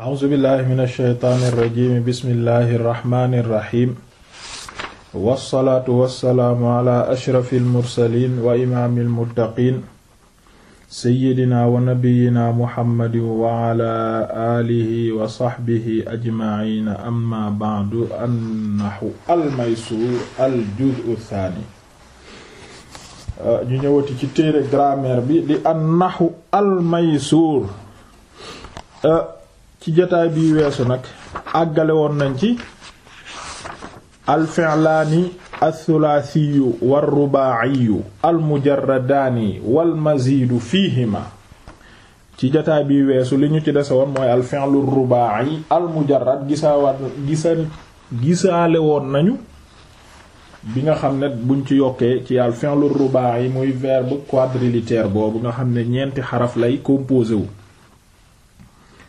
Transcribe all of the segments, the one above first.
auzu billahi min alsheytaani irrajimi bismillahi irrahmani irrahim wassalaatu wassalaamu ala ashrafi almursalin wa imaami almuttaqin seyidina wa nabiyina muhammadin wa ala aalihi wa saxbihi ajmaciina amma bacdu annahu almaysuur aljuzu thaani ñu ñëwati ci téere grammaire bi di annahu almaysuur ci jotaay bii weesu nag àggale woon nañ ci alfilaani althulaasiyu walrubaaiyu almujaradaani walmaziidu fiihima ci jotaay biy weesu li ñu ci dese mooy alfilu rubaai almujarad gisaawa gisaale woon nañu bi nga xam ne buñ ci yokkee ci alfilu yi muy verbe quadrilitère boobu nga xam ne ñeenti xaraf lay composé wu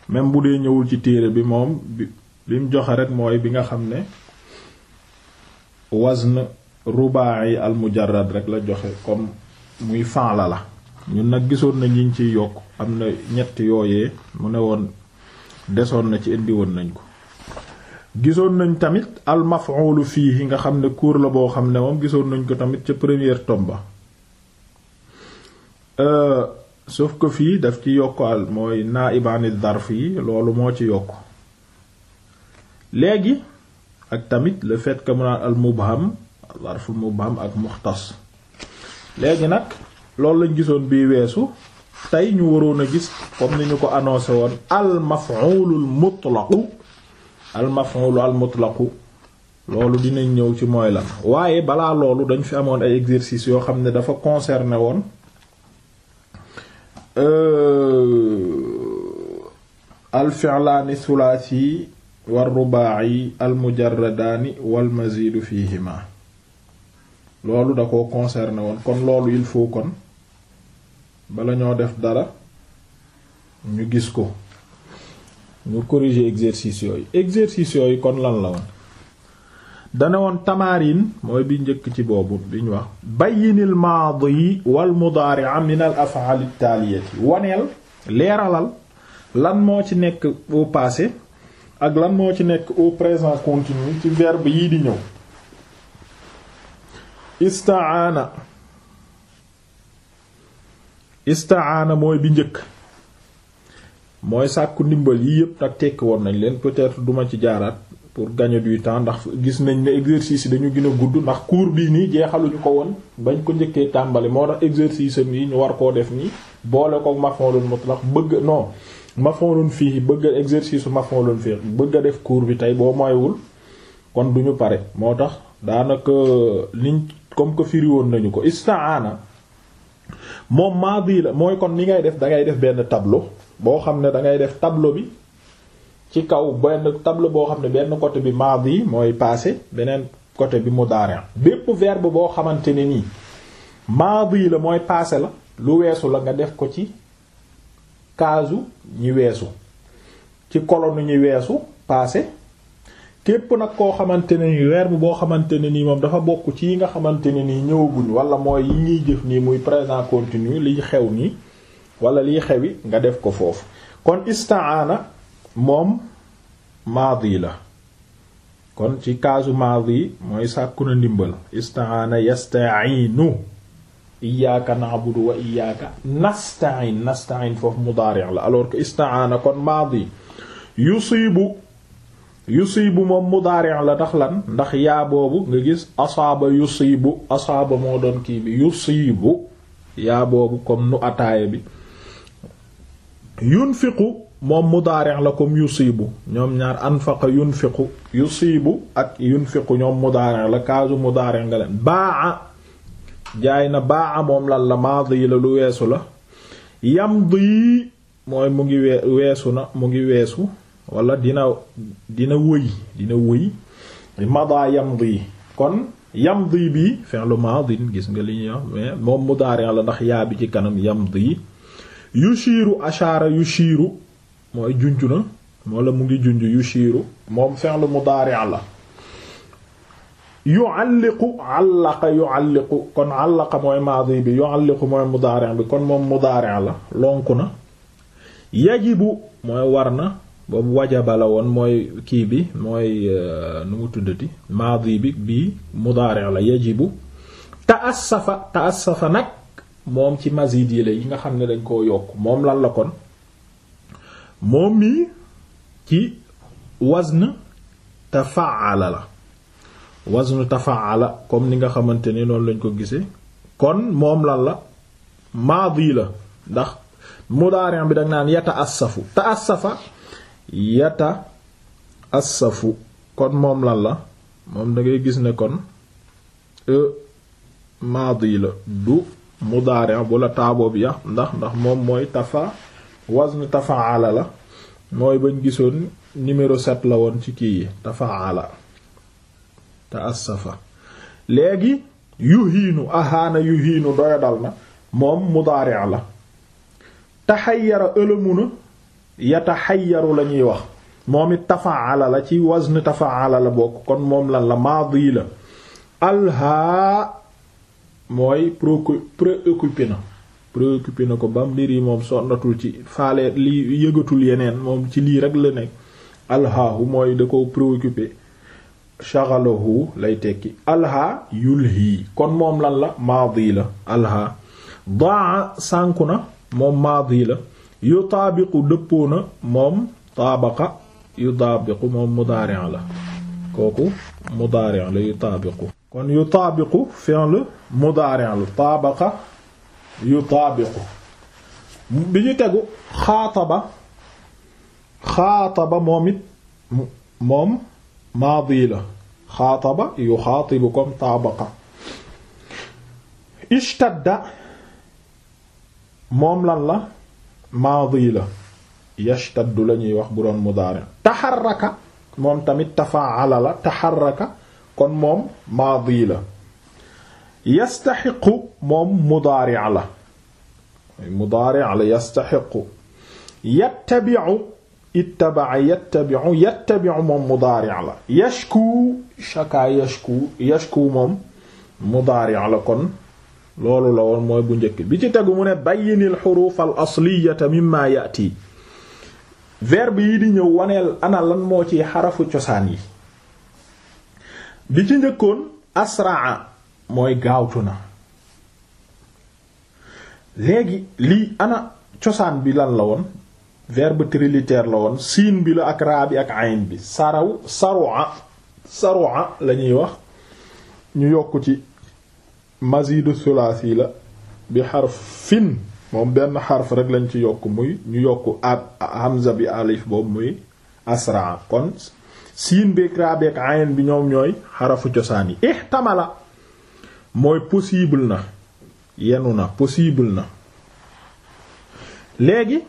même bu dee ñëwul ci téere bi moom bi bi joxe rek mooy bi nga xam ne wazn ruba'i al mujarrad rek la joxe comme muy faala la ñun nag gisoon na ñi ciy yokk am na ñett yooyee mu ne woon desoon na ci indiwoon nañ ko gisoon nañ tamit al fii yi nga xam ne cours la boo xam ne moom gisoon nañ ko tamit ca première ba euh, sauf ko fii daf ci yokk al naa ibaani darf yi loolu moo ci yokk léegi ak tamit le fait que mu naan al mubham darfu mubham ak muxtas léegi nag loolu lañ gisoon bii weesu tey ñu waroon a gis comme ni ñu ko annoncé woon al maf'ulul al maf'ul al mutlaqu loolu dinañ ñëw ci mooy lan waaye balaa loolu dañ fi amoon ay exercices yoo xam ne dafa concerné woon Euh, alfilaani sulaasi war rubaa'i al mujarradaani wal mazidu fiihima loolu da ko concerné woon kon loolu il faut kon bala ñoo def dara ñu gis ko ñu corriger exercice yi exercice yooyu kon lan la woon dane woon tamarin mooy bi njëkk ci boobu bi wax bayyinil maadi wal mudaari'a min al af'al waneel leeralal lan moo ci nekk au passé ak lan moo ci nekk au présent continu ci verbe yii di ñëw istaana istaana mooy bi njëkk mooy sàkku ndimbal yi yépp nag tekki woon nañ leen peut-être duma ci jaaraat pour gagner du temps ndax gis nañ ne exercice yi dañu gën a gudd ndax cours bii nii jeexaluñu ko woon bañ ko njëkkee tàmbali moo tax exercice am yi ñu war koo def nii boole ko maf'ulun mutlaq bëgg non maf'ulun fii bëgg exercice maf'ulun fihi bëgg a def cours bi tey boo moywul kon duñu pare moo tax daanaka euh, liñ comme que firi woon nañu ko istaana moom bii la mooy kon ni ngay def dangay def benn tableau boo xam ne dangay def tableau bi ci kaw benn table boo xam ne benn côté bi maadi mooy passé beneen côté bi mu mudaari bépp verbe boo xamante ne nii maadi la mooy passé la lu weesu la nga def ko ci kaasu ñi weesu ci kolonu ñi weesu passé képp nag koo xamante ne nii verbe boo xamante ne nii moom dafa bokk ci yi nga xamante ne nii ñëwaguñ wala mooy yi ñuy jëf nii muy présent continu liy xew nii wala liy xewi nga def ko foofu kon istaana moom maadi la kon ci kaasu maadi mooy sàkku na ndimbal istaana yastainu iyyaka na'budu wa iyyaka nasta'in nasta'in foofu mudaari' la alors que istaana kon maadi yusibu yusibu moom mudaari' la ndax lan ndax yaa boobu nga gis asaaba yusibu asaaba moo doon kii bi yusibu yaa boobu comme nu ataaya bi yunfiqu moom mudaari' la comme yusibu ñoom ñaar anfaqa yunfiqu yusibu ak yunfiqu ñoom mudaari' la kaasu mudaari' nga leen baa jaay na baa moom lan la maadi la lu weesu la yamdi mooy mu ngi weesu na mu ngi weesu wala dina dina wëy dina wëy mada yamdi kon yamdi bi fi'lu maadin gis nga li ñuy wax moom mudaari' la ndax yaa bi ci kanam yamdi yushiru ashaara yushiru mooy junj na wala mu ngi yu yushiru moom fi'l mudaari' la yu'alliqu 'allaqa yu'alliqu kon 'allaqa bi kon moom mudaari' la lonk na yajibu mooy war na boobu wajaba la woon mooy kii bi mooy euh, nu mu tuddati maadi bi bii mudaari' la yajibu ta'assafa ta'assafa nag moom ci mazid yi la yi nga xam ne dañ koo yokk moom lan la kon moom mii ci wazn tafaala la wazn tafaala comme ni nga xamante ni loolu lañ ko gisee kon moom lan la maadi la ndax mudaari bi danga naan yata assafu ta assafa yata assafu kon moom lan la moom da ngay gis ne kon e maadi la du mudaari bu la taaboo bi ya ndax ndax moom mooy tafa wazn tafaala la mooy bañ gisoon numéro 7 la woon ci kii yi tafaala ta'assafa léegi yuhiinu ahaana yuhiinu doyadal na moom mudaari' la taxayyara ëlëmu na yataxayyaru la ñuy wax moom it tafaala la ci wazn tafaala la bokk kon moom lan la maadi la alhaa mooy préoccupé na préoccupé na ko ba mbir yi moom sonnatul ci faale li yëgatul yeneen moom ci lii rek la nekk alhaahu mooy da ko préoccupé shaghalahu lay tekki alha yulhi kon moom lan la maadi la alha daa sànku na moom maadi la yu taabiqu dëppoo na moom taabaqa yu taabiqu moom mudaari'an la kooku mudaari'an la yu taabiqu kon yu taabiqu fi'l mudaari'an la taabaqa yutaabiqu bi ñu tegu xaataba xaataba moom it moom maadi la xaataba yu xaatibu comme taabaqa ishtadda moom lan la maadi la yashtaddu la ñuy wax bu doon mudaari taxarraka moom kon moom maadi la yastaxiqu moom mudaari' la mudaari' la yastaxiqu yattabi'u ittaba'a yattabi'u yattabi'u moom mudaari' la yashku shaka yashku yashku moom mudaari' la kon loolu la woon mooy bu njëkk bi ci tegu mu ne bayyinil xuruuf al asliyata mimma yati verbe yi di ñëw waneel ana lan moo ci xarafu cosaan yi bi ci njëkkoon asraa mooy gaawtu na léegi lii ana cosaan bi lan la woon verbe trilitère la woon siin bi la ak raa ak ayn bi saraw sarua sarua la ñuy wax ñu yokk ci mazidu sulaasi la bi xarf fin moom benn xarf rek lañ ci yokk muy ñu yokk ab hamza bi alif boobu muy asraa kon siin bi ak raa bi ak ayn bi ñoom ñooy xarafu cosaan yi ihtamala mooy possible na yenu na possible na léegi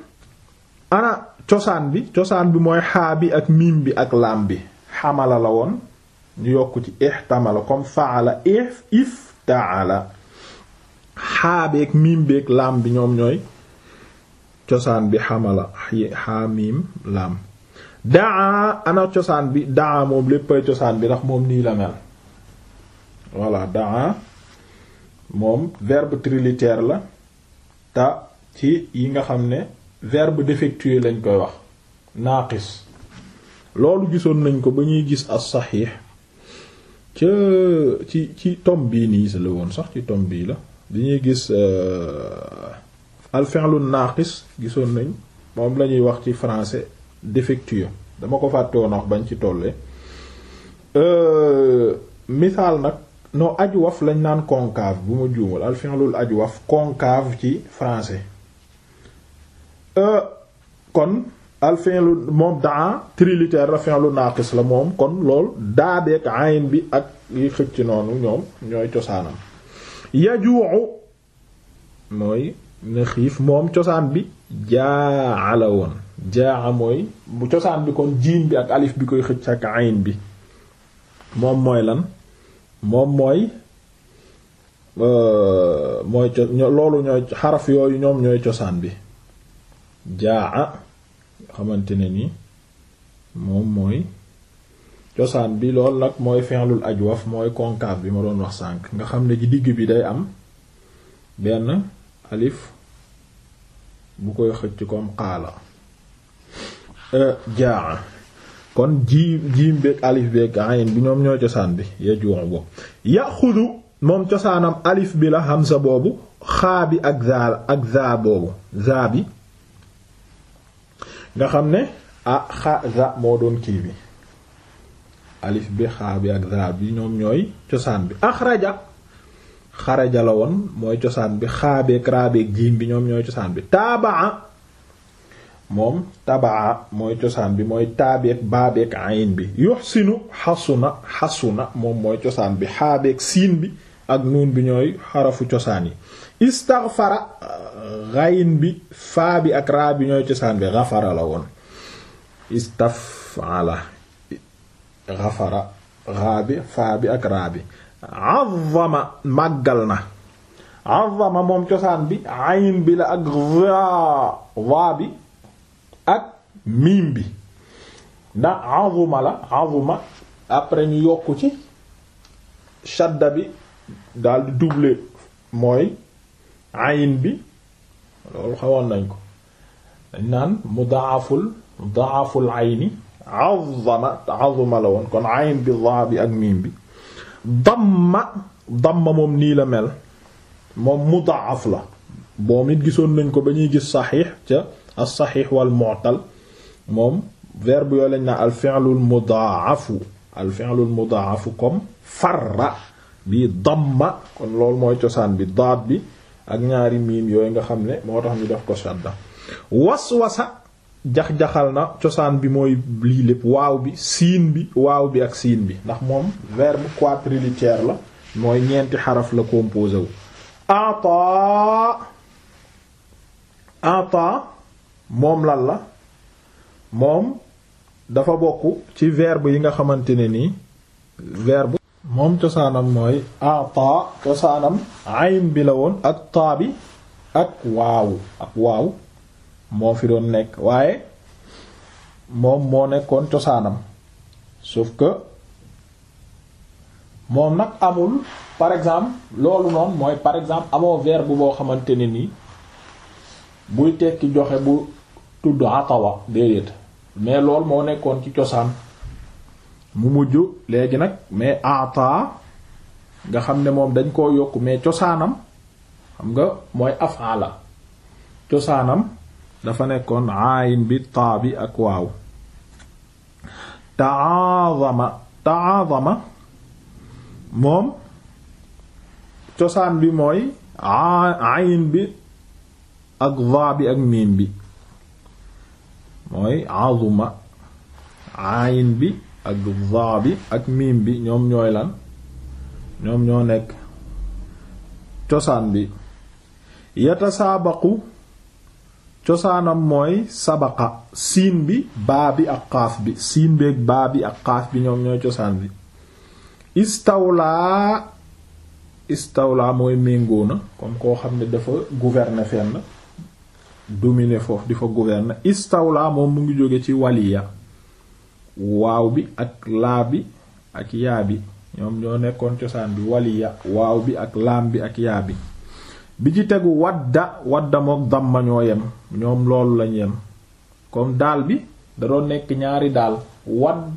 ana cosaan bi cosaan bi mooy xaa ak miim bi ak laam bi xamala la woon ñu yokk ci ihtamala comme faala if if taala xaa miim beeg laam bi ñoom ñooy cosaan bi xamala xaa miim laam daa ana cosaan bi daa moom léppay cosaan bi ndax moom nii la mel voilà daa moom verbe trilitère la ta ci yi nga xam ne verbe défectueux lañ koy wax naaqis loolu gisoon nañ ko ba ñuy gis as saxiix ca ci ci tom bii nii sa la woon sax ci tom bii la bi ñuy gis euh, al fi'lu naaqis gisoon nañ moom lañuy wax ci français défectueux dama ko fàtte woon wax bañ ci tollee euh, misaal nag non ajwaf lañ naan concave bu ma juumal al fi'lul ajwaf concave ci français euh, kon al fi'lu moom daa trilitère la fi'lu naaqis la moom kon lool daa beeg ayin bi ak yi xëcc noonu ñoom ñooy cosaanam yajuuxu mooy na xiif moom cosaan bi jaa la woon jaa mooy cosaan bi kon jiin bi ak alif bi koy xëcc ak ayin bi moom mooy lan moom mooy euh, mooy loolu ñooy xaraf yooyu ñoom ñooy cosaan bi jaa xamante ne ni moom mooy cosaan bi loolu nag mooy fi'lul ajwaf mooy concave bi ma doon wax sànq nga xam ne ci digg bi day am benn alif bu koy xëcc comme xaala euh, jaa kon jiim jiim beeg alif beeg ayin bi ñoom ñooy cosaan bi ya juuxu boobu yaxudu moom cosaanam alif bi la hamza boobu xaa bi ak zaal boobu zaa bi nga xam ne ah xaa za moo doon kii bi alif bi xaa ak zaa bi ñoom ñooy cosaan bi axraja xaraja la woon mooy cosaan bi xaa beeg jiim bi ñoom ñooy cosaan bi taabaa moom tabaa mooy cosaan bi mooy taabeek baabeek ayin bi yuhsinu xasuna xasuna moom mooy cosaan bi xaabeek siin bi ak nuun bi ñooy xarafu cosaan yi istaghfara xayin bi faa bi ak raa bi ñooy cosaan bi xafara la woon istaf xafara xaa bi ak raa bi azama na azama moom cosaan bi ayin bi la ak va va bi miim bi ndax azuma la après ñu yokk ci shadda bi daal di doubler mooy ayin bi loolu xawoon nañ ko dañ naan mudaaful mudaaful ayni azama azuma la woon kon ayin bi za bi ak miim bi damma moom nii la mel moom mudaaf la boom it gisoon nañ ko ba ñuy gis saxiix ca as saxiix wal mu'tal moom verbe yooyu lañ naa al fi'lul mudaafu al fi'lul mudaafu comme farra bi damma kon loolu mooy cosaan bi daat bi ak ñaari miim yooyu nga xam ne moo tax ñu def ko shadda waswasa jax-jaxal na cosaan bi mooy lii lépp waaw bi siin bi waaw bi ak siin bi ndax moom verbe quadrilatère la mooy ñeenti xaraf la composé wu ata ata moom lan la moom dafa bokk ci verbe yi nga xamante ne nii verbe moom cosaanam mooy ata cosaanam ayn bi la woon ak taa bi ak waaw ak waaw moo fi doon nekk waaye moom moo nekkoon cosaanam sauf que moom nag amul par exemple loolu noonu mooy par exemple amoo verbe boo xamante ne nii buy tekki joxe bu tudd atawa déedéet mais lool moo nekkoon ci cosaan mu mujj léegi nag mais ata nga xam ne moom dañ koo yokk mais cosaanam xam nga mooy afala cosaanam dafa nekkoon ayin bi taa bi ak waaw taazama taazama moom cosaan bi mooy ayin bi ak va bi ak miin bi mooy azuma ayin bi ak za bi ak miim bi ñoom ñooy lañ ñoom ñoo nekk cosaan bi yatasaabaqu cosaanam mooy sabaqa siin bi baa bi ak xaaf bi siin bi ak baa bi ak xaaf bi ñoom ñooy cosaan bi istawlaa istawlaa mooy méngoo na koo xam ne dafa gouverner fenn dominer foofu di fa gouverner istawla moom mu ngi jóge ci waliya waaw bi ak laa bi ak yaa bi ñoom ñoo nekkoon cosaan bi waliya waaw bi ak laam bi ak yaa bi bi ci tegu wadda wadda damma ñoo yem ñoom loolu lañ yem comme daal bi da doon nekk ñaari daal wadd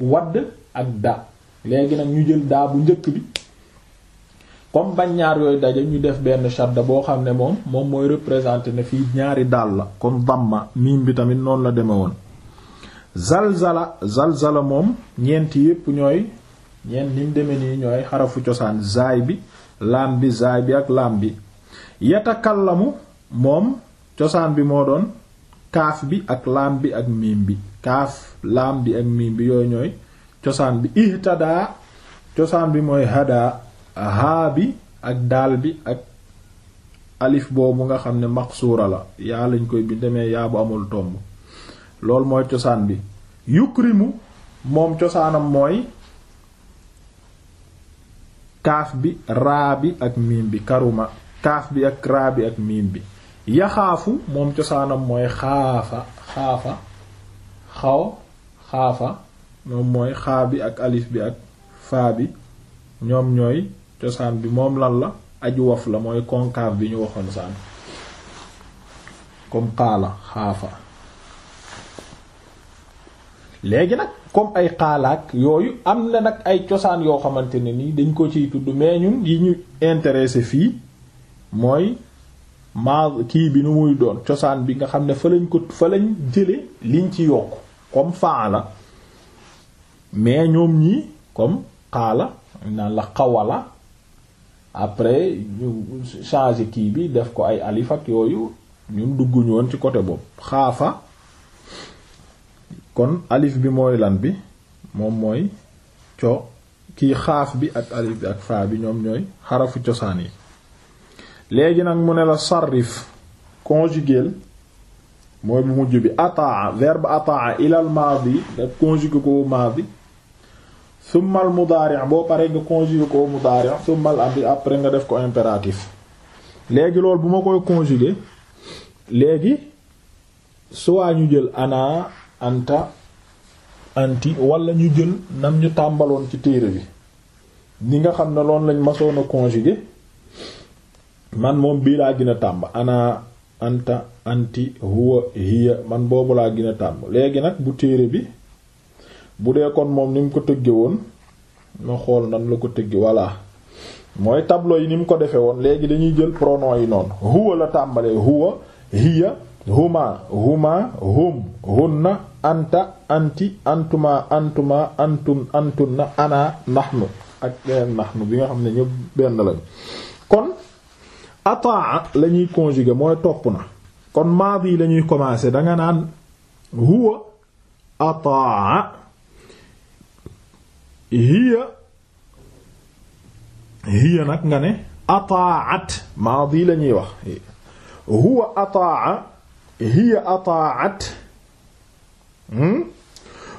wadd ak da léegi nag ñu jël daa bu njëkk bi comme bañ ñaar yooyu daje ñu def benn shadda boo xam ne moom moom mooy représenter ne fii ñaari daal la comme damma miim bi tamit noonu la deme woon zalzala zalzala moom ñeenti yépp ñooy ñeent niñ deme nii ñooy xarafu cosaan zaay bi laam bi zaay bi ak laam bi yatakallamu moom cosaan bi moo doon kaaf bi ak laam bi ak miim bi kaaf laam bi ak miim bi yooyu ñooy cosaan bi ihtadaa cosaan bi mooy hadaa haa bi ak daal bi ak alif boobu nga xam ni maqsuura la yaa lañ koy bi demee yaa bu amul tomb loolu mooy cosaan bi yukrimu moom cosaanam mooy kaaf bi raa bi ak miim bi bi yaxaafu moom cosaanam mooy xaafa xaafa xaw xaafa moom mooy xaa bi ak alif bi ak faa bi ñoom ñooy cosaan bi moom lan la aju wof la mooy concave bi ñu waxoon saan comme xaala xaafa léegi nag comme ay xaalaak yooyu am na nag ay cosaan yoo xamante ne nii dañ ko ciy tudd mais ñun yi ñu intéressé fii mooy ma kii bi nu muy doon cosaan bi nga xam ne fa lañ ko fa lañ jële liñ ci yokk comme la mais ñoom ñii comme xaala naan la xawala après ñu changer kii bi def ko ay alif ak yooyu ñun dugguñu woon ci côté boobu xaafa kon alif bi mooy lan bi moom mooy co kii xaaf bi ak alif bi ak faa bi ñoom ñooy xarafu cosaan yi léegi nag mu ne la sarrif conjuguer mooy bu mujj bi ataa verbe ataa ilal maadi daf conjuguer ko maadi summal mudaari' boo paree nga conjuguer ko mudaari' summal bi après nga def ko impératif léegi loolu bu ma koy conjuguer léegi soit ñu jël ana anta anti wala ñu jël nam ñu tàmbaloon ci téere bi ni nga xam ne loon lañu masoon a conjuguer man moom bii laa gën a tàmb ana anta anti huwa hiya man boobu laa gën a tàmb léegi nag bu téere bi bu dee kon moom ni mu ko tëgge woon ma xool nan la ko tëgge voilà mooy tableau yi ni mu ko defee woon léegi dañuy jël pronoms yi noonu huwa la tàmbalee huwa hiya huma huma hum hunna anta anti antuma antuma antum antunna ana nahnu ak beneen nahnu bi nga xam ne ñëpp benn lañ kon ataa la ñuy conjuguer mooy topp na kon maadi yi la ñuy danga naan huwa ataa hiya hiya nag nga ne ataat maadi la ñuy wax huwa ataa hiya ataat hmm?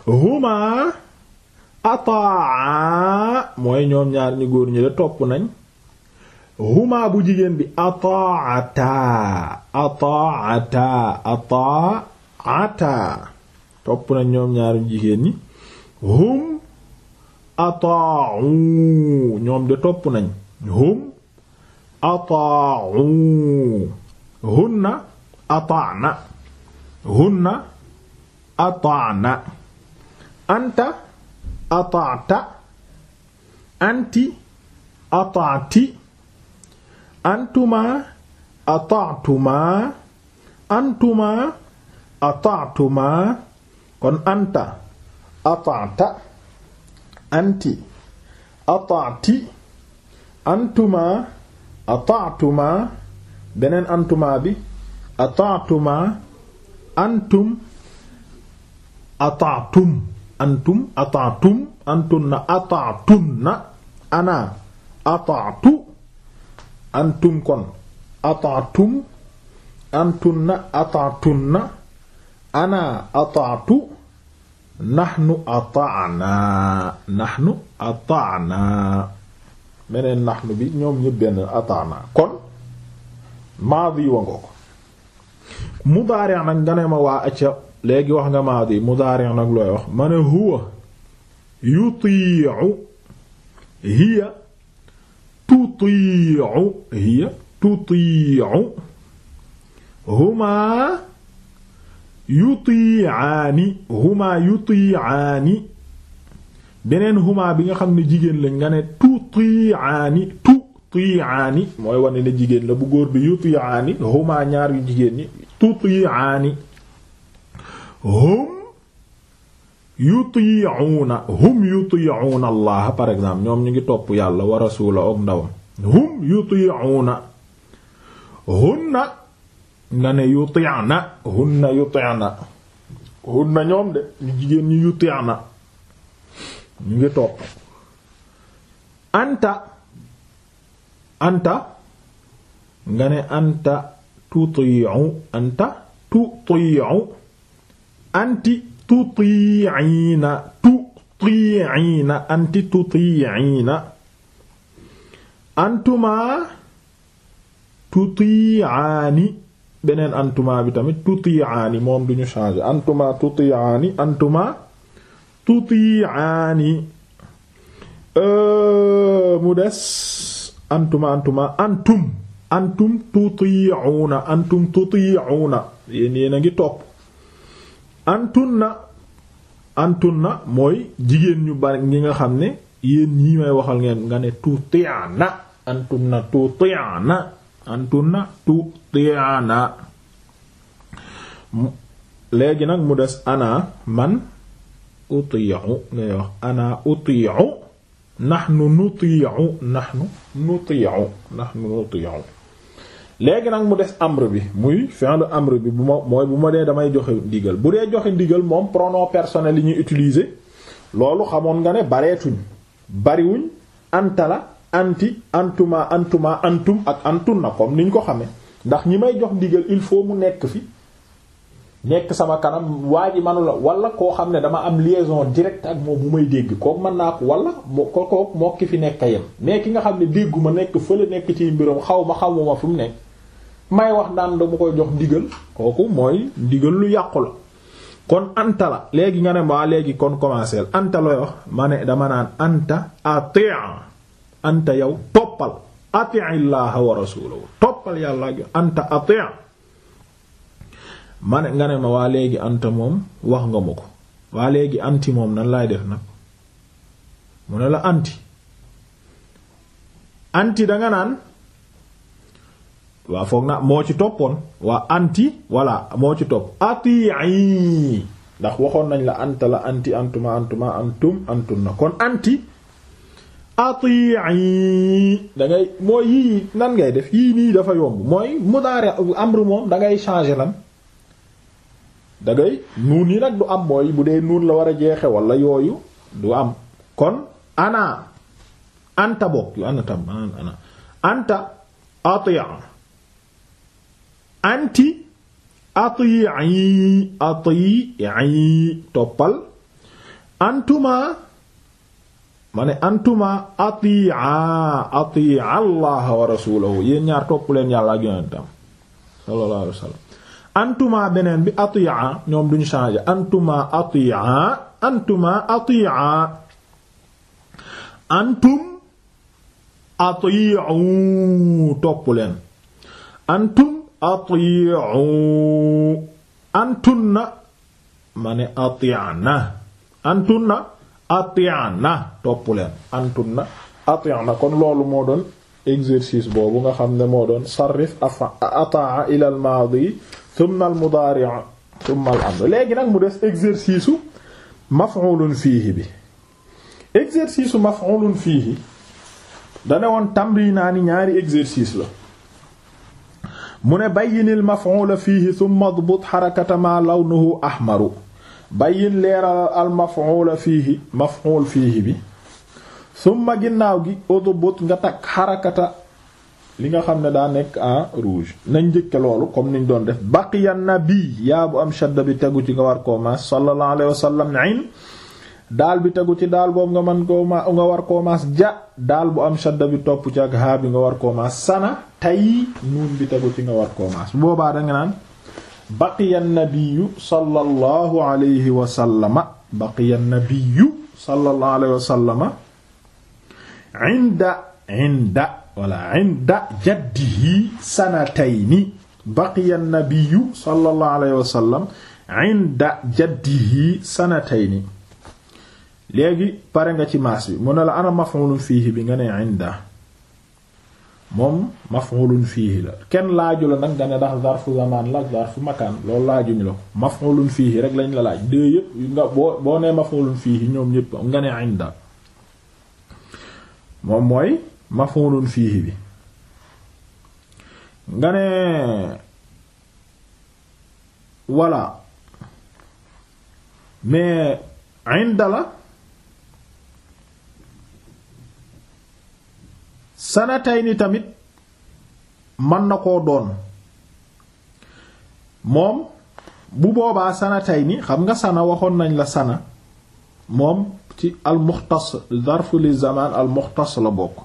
huma ataa mooy ñoom ñaar ñu góor ñi de topp nañ huma bu jigéen bi ataata ataata ataata topp nañ ñoom ñaar ñu jigéen ñi hum ata'u ñoom de topp nañ hum ata'u hunna ata'na hunna ata'na anta ata'ta anti ata'ti antuma ata'tuma antuma ata'tuma kon anta ata'ta anti ataati antuma ataatuma beneen antuma bi ataatuma antum ataatum antum ataatum antunna ataatunna ana ataatu antum kon ataatum antunna ataatunna ana ataatu naxnu ataana naxnu ataana meneen naxnu bi ñoom ñëpp benn ataana kon maadi wa ngoo ko mudaari nag nga ne ma waa acca léegi wax nga maadi mudaari nag looy wax ma ne huwa yutiicu hiya tutiicu hiya tutiicu humaa yuti'aani huma yuti'aani beneen huma bi nga xam ne jigéen lañ nga ne tuti'aani tuti'aani mooy wane ne jigéen la bu góor bi yuti'aani huma ñaar yu jigéen ñi tuti'aani hum yuti'uuna hum yuti'uuna allah par exemple ñoom ñu ngi topp yàlla wa rasuula ak ndawam hum yuti'uuna hunna nga ne yuti'na hunna yuti'na hunna ñoom de ñu jigéen ñi yuti'na ñu ngi topp anta anta nga anta tuti'u anta tuti'u anti tuti'ina tuti'ina anti tuti'ina beneen antuma bi tamit tutiyaani moom duñu changer antuma tutiyaani antuma tutiyaani euh, mu des antuma antuma antum antum tuti'una antum tuti'una yéen yéen a ngi topp antunna antunna mooy jigéen ñu bari ñi nga xam ne yéen ñii may waxal ngeen nga ne tuti'na antunna tuti'na antunna tu ana léegi nag mu des ana man uti'u ngay wax ana uti'u nahnu nuti'u nahnu nuti'u nahnu nuti'u léegi nag mu des amr bi muy fi'l amr bi bu ma mooy bu ma dee damay joxe ndigal bu dee joxe ndigal moom pronom personnel li ñuy utiliser loolu xamoon nga ne bareetuñ bariwuñ anta la anti antuma antuma antum ak antunna comme niñ ko xame ndax ñi may jox ndigal il faut mu nekk fi nekk sama kanam waa ji manu la wala koo xam ne dama am lieson direct ak moom bu may dégg kooku mën naa ko wala moo ko moo ki fi nekk yem mais ki nga xam ne déggu nekk fële nekk ci mbiram xaw ma xaw ma fu mu nekk may wax naan dama koy jox ndigal kooku mooy ndigal lu yàqu la. kon anta la léegi nga ne waa léegi kon commencé anta looy wax ma ne dama naan anta atia anta yow toppal. atiillaha wa rasulahu toppal yàlla ak anta atii ma nga ne ma waa léegi anta moom wax nga ma ko waa léegi anti moom nan laay def nag mu ne la anti anti danga naan waa foog na moo ci toppoon waa anti walla moo ci topp atii ndax waxoon nañ la anta la anti antuma antuma antum antun na kon anti atii da ngay mooy yii nan ngay def yii nii dafa yomb mooy mudaare amru moom dangay ngay changer lan da ngay nuun yi nag du am mooy bu dee nuun la war a jeexe wala yooyu du am kon ana anta bokk yu ana tam ana anta atia anti atii atii toppal antuma ma ne antuma ati'a ati'a allah wa rasulahu yéen ñaar topp leen yàlla ak yonentam sallallahu alayhi wa sallam antuma beneen bi ati'a ñoom duñu changer antuma ati'a antuma ati'a antum ati'u topp leen antum ati'u antunna ma ne ati'na antunna atiana topp leen antum na atiana kon loolu moo doon exercice boobu nga xam ne moo doon sarrif ataa ila al maadi thumma al mudaari thumma al amr léegi nag mu des exercice u maf'ulun fiihi bi exercice u maf'ulun fiihi dane woon tamrinaani ñaari exercice la mu ne bayyinil maf'ula fiihi thumma adbut harakata ma a ahmaru bayyin leeral al maf'ul fiihi maf'ul fiihi bi summa ginnaaw gi udbut nga takk xarakata li nga xam ne daa nekk en rouge nañ njëkke loolu comme niñ doon def baqiya nabi yaa bu am shadda bi tegu ci nga war koo maas sallallahu alayhi wa in daal bi tegu ci daal boobu nga man koo ma nga war koo maas ja daal bu am shadda bi topp ci ak haa bi nga war koo maas sana tey nuun bi tegu ci nga war koo maas boobaa danga naan baqiya nabiyu sallallahu alayhi wa sallama baqiya nabiyu sallallahu alayhi wa sallama inda inda wala inda jaddihi sanatayni baqiya nabiyu sallallahu alayhi wa sallam inda jaddihi sanatayni léegi pare nga ci maas bi mu ne la ana maf'ulun fiihi bi nga ne inda moom maf'ulun fiihi la kenn laaju la nag nga ne ndax zarfu zamaan la zarfu makaan loolu rek lañ la laaj deux yëpp nga boo ñoom ñëpp nga ne inda moom mooy maf'ulun fiihi bi nga ne voilà mais inda la ni tamit man na koo doon moom bu boobaa ni xam nga sana waxoon nañ la sana moom ci almuxtas zarfu li zamaan almuxtas la bokk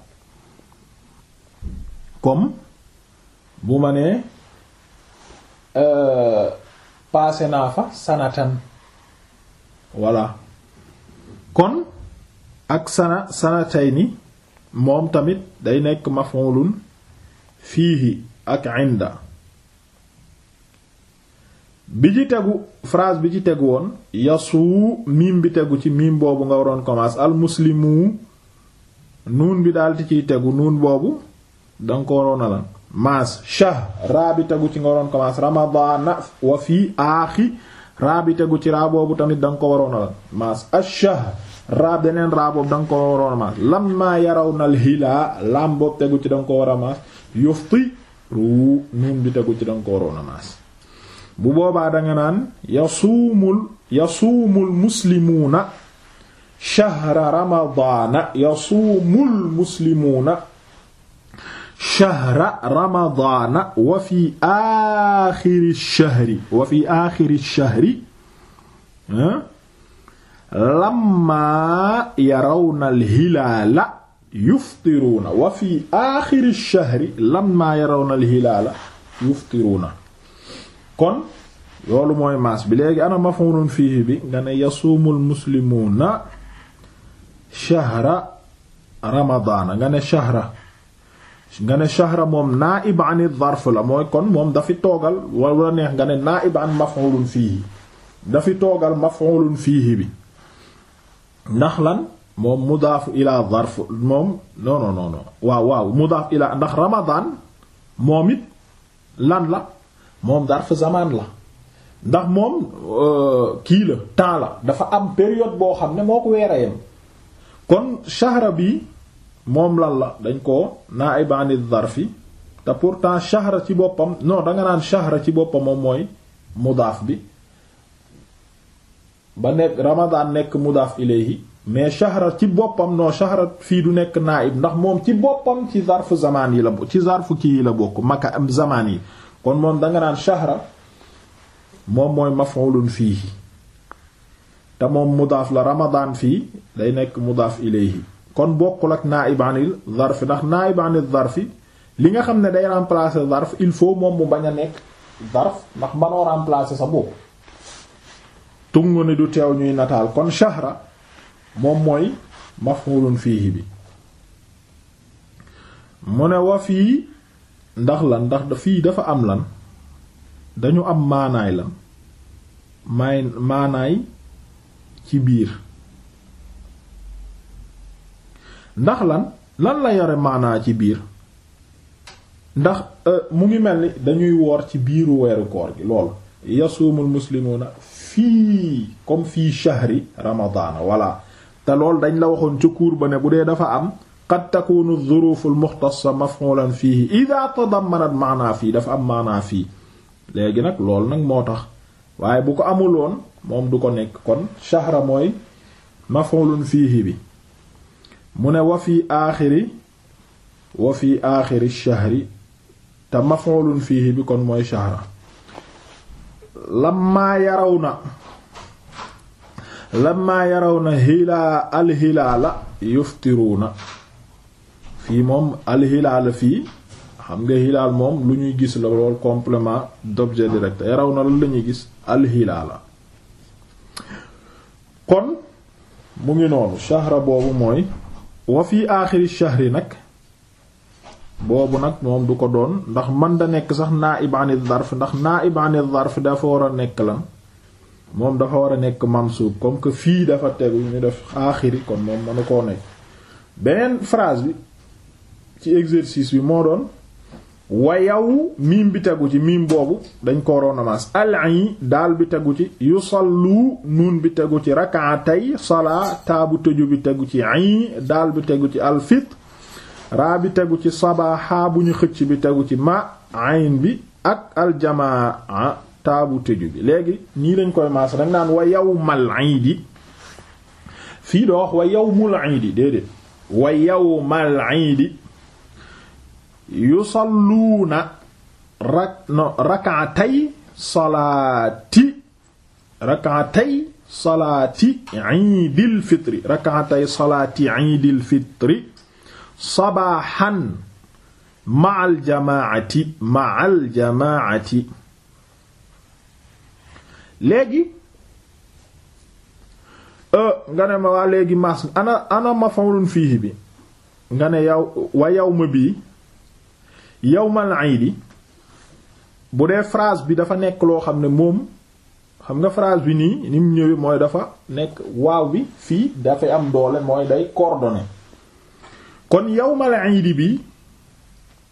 comme bu ma nee euh, paase naa fa sanatan voilà kon ak sana ni moom tamit day nekk maf'ulun fiihi ak inda bi ci tegu frase bi ci tegu woon yasu miim bi tegu ci miim boobu nga waroon commence almuslimu nuun bi daldi ciy tegu nuun boobu danga ko waroon a lan maas shah raa bi tegu ci nga waroon commence ramadana wa fii aaxi raa bi tegu ci raa boobu tamit danga ko waroon a lan maas ash raab deneen raa boobu da nga a maas lamma yaraw nal hilaa lam boobu tegu ci da nga war a maas yufti ru nuun bi tegu ci da nga a maas bu boobaa danga naan yasuumul yasuumul muslimuuna shahra ramadaana wa fi aaxiri shahri wa fi aaxiri shahri ah lamma yarawna alhilaala yuftiruuna wa fi aaxiri shahri lamma yarawna alhilaala yuftiruuna kon loolu mooy maas bi léegi ana maf'uulun fiihi bi nga ne yasuumul muslimuuna shahra ramadaana nga ne shahra nga moom naa'ib an ad-darf la mooy kon moom dafi toogal wala neex nga ne naa'ib an maf'uulun fiihi toogal maf'uulun fiihi bi ndax lan moom mudaafu ilaa zarf moom non non waaw waaw mudaaf ilaa ndax ramadan moom it lan la moom zarf zamaan la ndax moom euh, kii la temps la dafa am période boo xam ne moo ko weer a yem kon shahra bi moom lan la dañ ko naa ay baani zarfi te pourtant shahra ci boppam non danga naan shahra ci boppam moom mooy mudaaf bi ba nekk ramadan nekk mudaaf ilayhi mais shahra ci boppam noo shahra fii du nekk naib ndax moom ci boppam ci zarfu zamaan yi la ci zarfu kii yi la bokk maka am zamaan yi kon moom danga naan shahra moom mooy maf'ulun fiihi te moom mudaaf la ramadaan fii day nekk mudaaf ilayhi kon bokkul ak naib anil zarfi ndax naib anil zarfi li nga xam ne day remplacer zarf il faut moom mu bañ a nekk zarf ndax mënoo remplacer sa bopp tungu ni du teew ñuy nataal kon shahra moom mooy maf'ulun fihi bi mu ne wa fii ndax lan ndax fii dafa am lan dañu am maanaay lan maay maanaay ci biir ndax lan lan la yore maanaa ci biir ndax euh, mu ngi mel ni dañuy woor ci biiru weeru koor gi lool yasumul muslimuuna fii comme fii shahri ramadana walla te lool dañ la waxoon ca kuur ba ne bu dee dafa am qad takunu dhurufu al-muxtassa maf'ulan fihi idha tadammanat maanaa fii dafa am maanaa fii léegi nag loolu nag moo tax waaye bu ko amuloon moom du ko nekk kon shahra mooy maf'ulun fihi bi mu ne wa fi aaxiri wa fi aaxiri shahri te maf'ulun fii bi kon mooy shahra lammaa yaraw na lammaa yaraw na hilaa alhilaala yuftiruuna fii moom alhilaala fii xam nga hilaal moom lu ñuy gis la lool complément d'objet direct yaraw na lan la ñuy gis alhilaala kon mu ngi noonu shahra boobu mooy wa fi aaxiri shahri nag boobu nag moom du ko doon ndax man da nekk sax naa an ad-darf ndax naa an ad-darf dafa war a nekk lan moom dafa war a nekk mansuub comme ko fii dafa tegu ñu def aaxiri kon moom mënu koo nekk beneen phrase bi ci exercice bi moo doon wayaw miim bi tegu ci miim boobu dañ ko waroon a maas alayi daal bi tegu ci yusallu nuun bi tegu ci rakaatay salaa taabu tëju bi tegu ci ayi daal bi tegu ci alfit raa bi tegu ci sabaa xaa bu ñu xëcc bi tegu ci ma ayn bi ak aljamaa taabu tëju bi léegi nii lañ koy maas naan wa yawmal iidi fii doo wax wa yawmul iidi déedéet wa yawmal iidi yusalluuna rak no rakaatay salaati rakaatay salaati iidil fitri rakaatay salaati iidil fitri sabaaxan ma'al jamaati ma'al jamaati léegi euh, nga ne ma waa léegi mas ana ana maf'ulun fiihi bi nga ne yow wa yawma bii yawmal iidi bu dee phrase bi dafa nekk loo xam ne moom xam nga phrase bi nii nim mu ñëwee mooy dafa nekk waaw bi fii dafay am doole mooy day coordonné kon yawmal iidi bi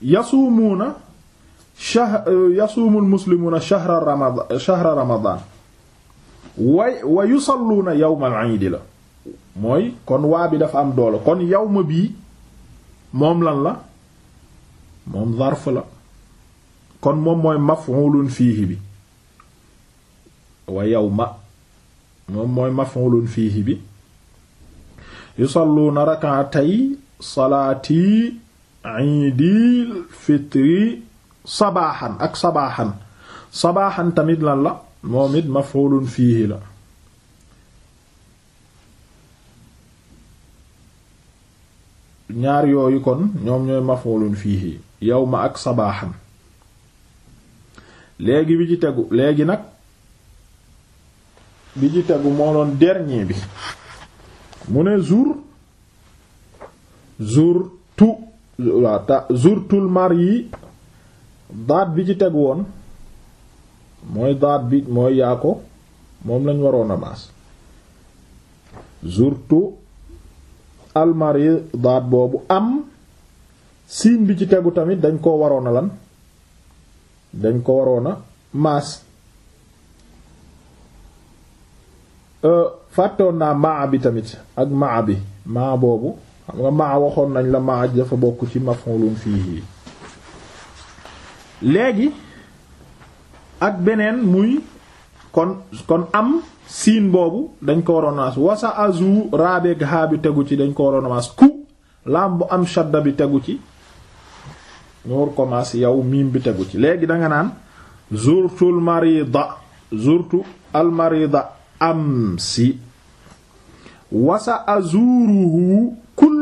yasuumuuna shahr euh, yasuumul muslimuuna shahra ramadaan shahra ramadaan way wa yusalluuna yawmal la mooy kon waa bi dafa am doole kon yawma bii moom lan la moom zarf la kon moom mooy maf'ulun fii bi wa yawma moom mooy maf'ulun fiihi bi yusalluuna rak'atay salaati iidil fitri sabaaxan ak sabaaxan sabaaxan tamit lan la moom it maf'ulun fiihi la ñaar yooyu kon ñoom ñooy maf'ulun fiihi yawma ak sabaaxan léegi bi ci tegu léegi nag bi ci tegu moo doon dernier bi mu ne jour zurtu waa ta zurtul mar yi daat bi ci teg woon mooy daat bi mooy yaa ko moom lañ waroon a maas zurtu almar yi daat boobu am siin bi ci tegu tamit dañ ko waroon a lan dañ ko waroon a maas euh, fàttewoon naa maa bi tamit ak maa bi maa boobu xam nga maa waxoon nañ la maa dafa bokk ci maf'ulun fihi léegi ak beneen muy kon kon am siin boobu dañ ko waroon a maas wasa azu raabeeg bi tegu ci dañ ko waroon a maas bu am shadda bi tegu ci ñu war yow miim bi tegu ci léegi danga naan zurtul marida zurtu al marida am si wasa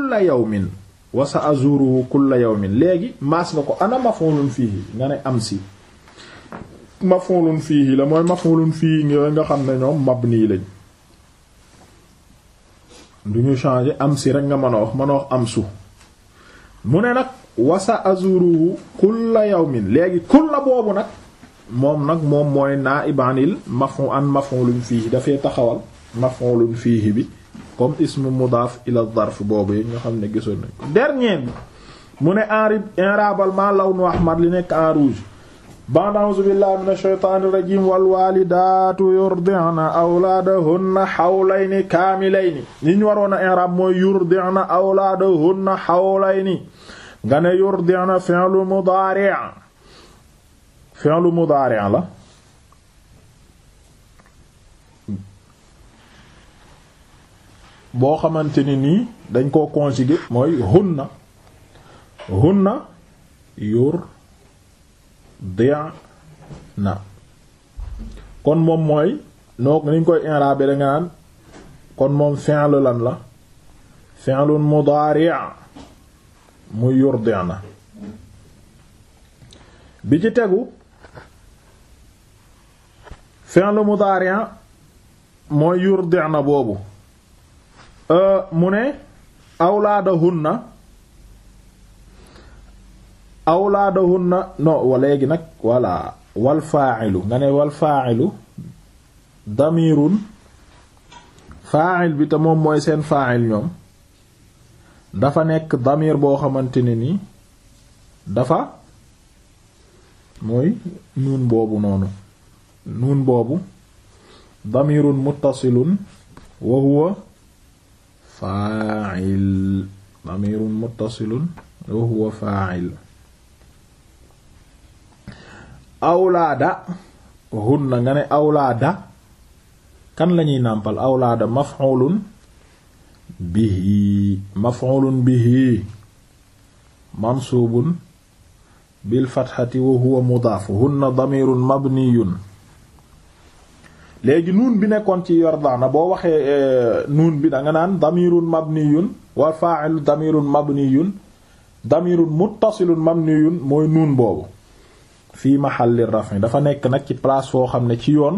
kulla yawmin wa sa azuru kulla yawmin léegi maas nga ko ana maf'ulun fihi nga ne am si maf'ulun fihi la mooy maf'ulun fihi nga nga xam ne ñoom mabni lañ du ñu changer am si rek nga mën a wax mën a wax am su mu ne nag wasa azuru kulla yawmin léegi kulla boobu nag moom nag moom mooy naa ibanil maf'ul an maf'ulun fihi dafay taxawal maf'ulun fihi bi comme ismu mudaaf ila zarf boobu yi nga xam ne gisoon nañ ko dernier bi mu ne enrib inrabal ma lawnu ahmar li nekk en rouge ba'da a'uuzu billahi minash shaytaanir rajiim wal waalidaatu yurdi'na awlaadahunna hawlayni kaamilayni li ñu waroon a inrab mooy yurdi'na awlaadahunna hawlayni nga ne yurdi'na fi'lu mudaari' fi'lu mudaari' la boo xamante ni nii dañ koo conjugué mooy na hunna na yuur dia na kon moom mooy noo niñ koy inrabe da nga naan kon moom fi'lu lan la fi'lun mudari' mu yur dia na bi ci tegu fi'lu mudari' mooy yur dia na boobu Euh, mu ne awlaadahunna awlaadahunna non wa léegi nag walla wal fa'ilu nga ne wal fa'ilu damirun fa'il bi te moom mooy seen fa'il ñoom dafa nekk damir boo xamante ne ni dafa mooy nuun boobu noonu nuun boobu damirun muttasilun wa faa'il damirun muttasilun wa huwa faa'il awlaada hunna nga ne awlaada kan lañuy nàmpal awlaada maf'ulun bihi maf'ulun bihi mansuubun bil fatxati wa huwa mudaaf hunna damirun mabniyun léegi nuun bi nekkoon ci yordaana boo waxee eh, nuun bi danga naan mab da nga naan damirun mabniyun wa fa'ilu damirun mabniyun damirun muttasilun mabniyun mooy nuun boobu fii mahalli raf'i dafa nekk nag ci place foo xam ne ci yoon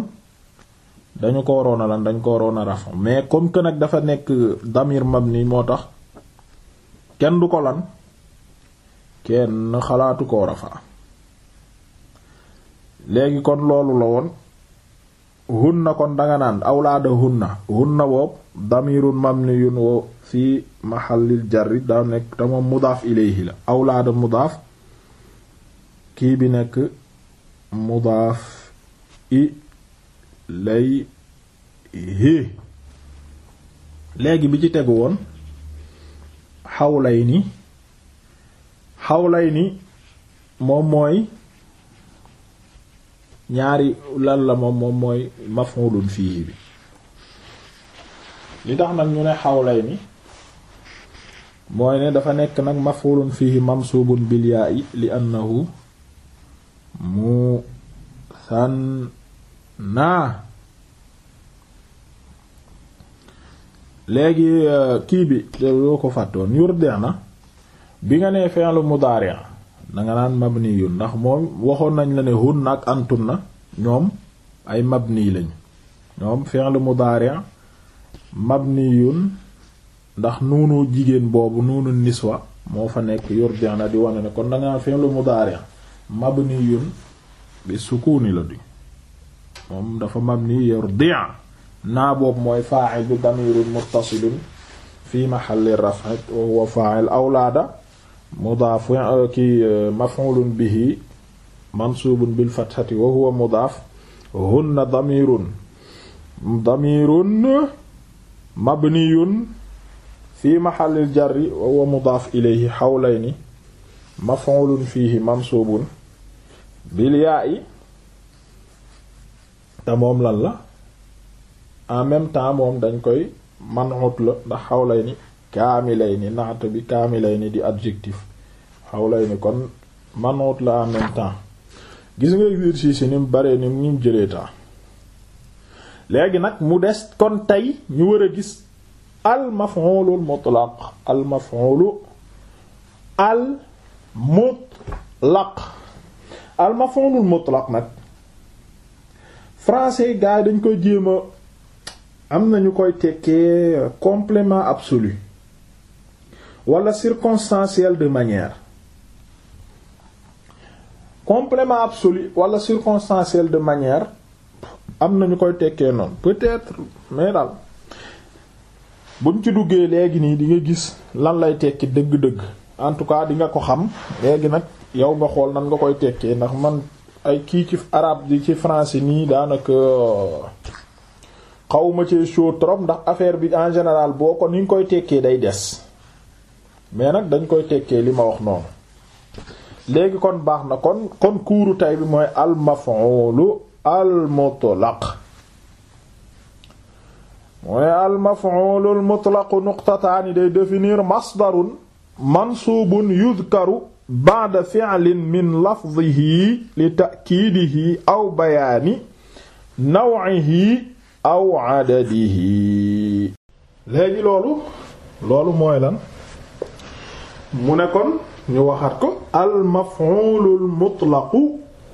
dañu ko waroon a lan dañu ko waroon a raf mais comme que nag dafa nekk damir mab mabni moo tax kenn du ko lan kenn xalaatu koo rafa léegi kon loolu la woon hunna kon danga naan awlaada hunna hunna boobu damirun mabniyun wa yu mahallil jarri daa nekk te moom mudaaf ilayhi la awlaada mudaaf kii bi nekk mudaaf ilayhi léegi bi ci tegu woon xawlayni ni moom mooy ñaari lan la moom moom mooy maf'ulun fii bi li tax nag ñu ne xawlay ni mooy ne dafa nekk nag maf'ulun fihi mansubun bil ya'i li annahu mu sanna léegi euh, kii bi loo ko fàttoon na bi nga nee fi'lu mudaari' danga naan mabniyun ndax moom waxoon nañ la ne hunna ak na ñoom ay mabni lañ ñoom fi'l mudari' yu ndax nuunu jigéen boobu nuunu niswa moo fa nekk yurdi'na di wane ne kon danga naan fi'l mudari' mabniyun bi sukuni la di moom dafa mabni yurdi' naa boobu mooy fa'il bi damirun muttasilun fi mahalli raf'i wa huwa fa'il awlaada mudaaf euh, ki euh, maf'ulun bihi mansuubun bil fathati wa huwa mudaaf hunna damirun damirun mabniyun fi mahallil jarri wa huwa mudaaf ilayhi hawlayni maf'ulun fihi mansuubun bil yaa'i te moom lan la en même temps moom dañ koy man'ut la ndax hawlayni kaamilayni naato bi kaamilayni di adjectif xawlayni kon manuut la en même temps gis nga exercice yi ni mu baree ni mu jëlee temps léegi nag mu des kon tey ñu war a gis al maf'ulul mutlaq al maf'ulu al mutlaq al nag français gars yi dañ koy jéem am na ñu koy tekkee complément absolu wala circonstanciel de manière complément absolu wala circonstanciel de manière am na ñu koy tekkee noonu peut-être mais daal buñ ci duggee léegi nii di nga gis lan lay tekki dëgg-dëgg en tout cas di nga ko xam léegi nag yow ba xool nan nga koy tekkee ndax man ay kii ci arabe di ci français nii daanaka xawuma ci chaud trop ndax affaire bi en général boo ko ni ñu koy tekkee day des mais nag dañ koy tekkee li ma wax noonu léegi kon baax na kon kon kuuru tay bi mooy al maf'ulu al mutlaq mu ne al maf'ulu al mutlaq nuqtataani day définir masdarun mansuubun yudkaru ba'da fi'lin min lafzihi li aw bayaani naw'ihi loolu mooy lan mu ne kon ñu waxaat ko al maf'ulul mutlaqu